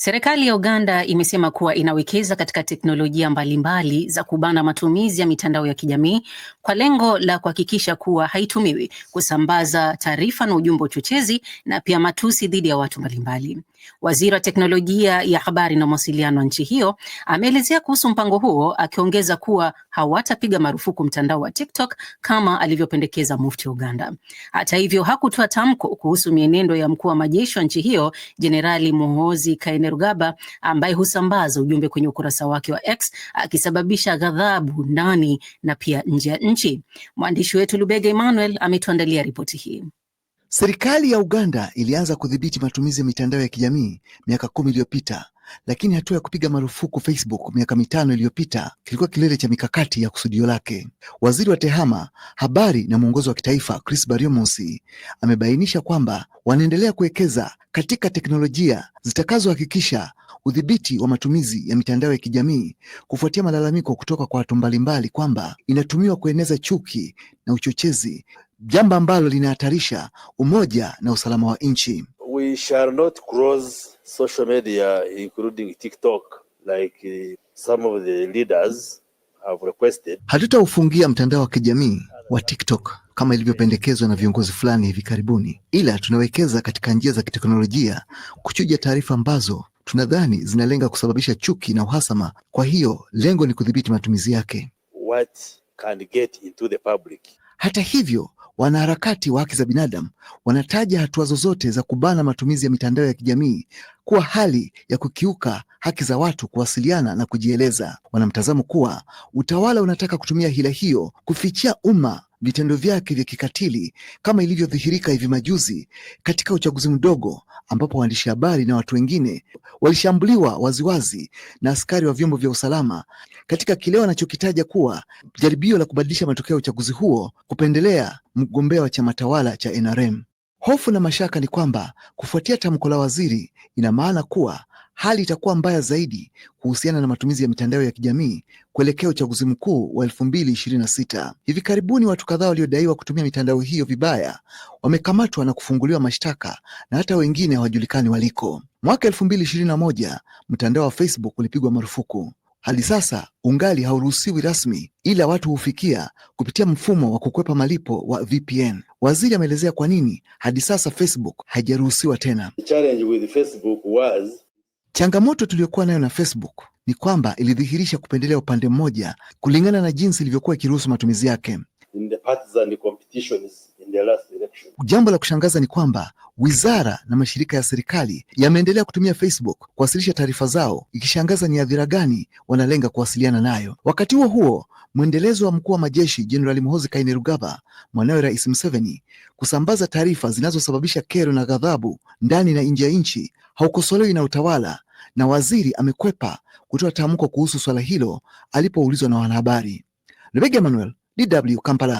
Serikali ya Uganda imesema kuwa inawekeza katika teknolojia mbalimbali za kubana matumizi ya mitandao ya kijamii kwa lengo la kuhakikisha kuwa haitumiwi kusambaza taarifa na ujumbe wa uchochezi na pia matusi dhidi ya watu mbalimbali. Waziri wa teknolojia ya habari na mawasiliano wa nchi hiyo ameelezea kuhusu mpango huo, akiongeza kuwa hawatapiga marufuku mtandao wa TikTok kama alivyopendekeza mufti wa Uganda. Hata hivyo, hakutoa tamko kuhusu mienendo ya mkuu wa majeshi wa nchi hiyo Jenerali Muhoozi Kainerugaba ambaye husambaza ujumbe kwenye ukurasa wake wa X akisababisha ghadhabu ndani na pia nje ya nchi. Mwandishi wetu Lubega Emmanuel ametuandalia ripoti hii. Serikali ya Uganda ilianza kudhibiti matumizi ya mitandao ya kijamii miaka kumi iliyopita, lakini hatua ya kupiga marufuku Facebook miaka mitano iliyopita kilikuwa kilele cha mikakati ya kusudio lake. Waziri wa Tehama, habari na mwongozo wa kitaifa, Chris Baryomonsi amebainisha kwamba wanaendelea kuwekeza katika teknolojia zitakazohakikisha udhibiti wa matumizi ya mitandao ya kijamii kufuatia malalamiko kutoka kwa watu mbalimbali kwamba inatumiwa kueneza chuki na uchochezi jambo ambalo linahatarisha umoja na usalama wa nchi. We shall not cross social media including TikTok like uh, some of the leaders have requested. Hatutaufungia mtandao wa kijamii wa TikTok kama ilivyopendekezwa na viongozi fulani hivi karibuni, ila tunawekeza katika njia za kiteknolojia kuchuja taarifa ambazo tunadhani zinalenga kusababisha chuki na uhasama. Kwa hiyo lengo ni kudhibiti matumizi yake. What can get into the public. Hata hivyo Wanaharakati wa haki za binadamu wanataja hatua zozote za kubana matumizi ya mitandao ya kijamii kuwa hali ya kukiuka haki za watu kuwasiliana na kujieleza. Wanamtazamo kuwa utawala unataka kutumia hila hiyo kufichia umma vitendo vyake vya kikatili kama ilivyodhihirika hivi majuzi katika uchaguzi mdogo ambapo waandishi habari na watu wengine walishambuliwa waziwazi na askari wa vyombo vya usalama katika kile wanachokitaja kuwa jaribio la kubadilisha matokeo ya uchaguzi huo kupendelea mgombea wa chama tawala cha NRM. Hofu na mashaka ni kwamba kufuatia tamko la waziri, ina maana kuwa hali itakuwa mbaya zaidi kuhusiana na matumizi ya mitandao ya kijamii kuelekea uchaguzi mkuu wa 2026. Hivi karibuni watu kadhaa waliodaiwa kutumia mitandao hiyo vibaya wamekamatwa na kufunguliwa mashtaka na hata wengine hawajulikani waliko. Mwaka 2021 mtandao wa Facebook ulipigwa marufuku. Hadi sasa ungali hauruhusiwi rasmi, ila watu hufikia kupitia mfumo wa kukwepa malipo wa VPN. Waziri ameelezea kwa nini hadi sasa Facebook haijaruhusiwa tena. The challenge with Facebook was Changamoto tuliyokuwa nayo na Facebook ni kwamba ilidhihirisha kupendelea upande mmoja kulingana na jinsi ilivyokuwa ikiruhusu matumizi yake. Jambo la kushangaza ni kwamba wizara na mashirika ya serikali yameendelea kutumia Facebook kuwasilisha taarifa zao, ikishangaza ni hadhira gani wanalenga kuwasiliana nayo. Wakati huo huo, mwendelezo wa mkuu wa majeshi Jenerali Muhoozi Kainerugaba, mwanawe Rais Museveni, kusambaza taarifa zinazosababisha kero na ghadhabu ndani na nje ya nchi haukosolewi na utawala na waziri amekwepa kutoa tamko kuhusu swala hilo alipoulizwa na wanahabari. Rebecca Emmanuel, DW Kampala.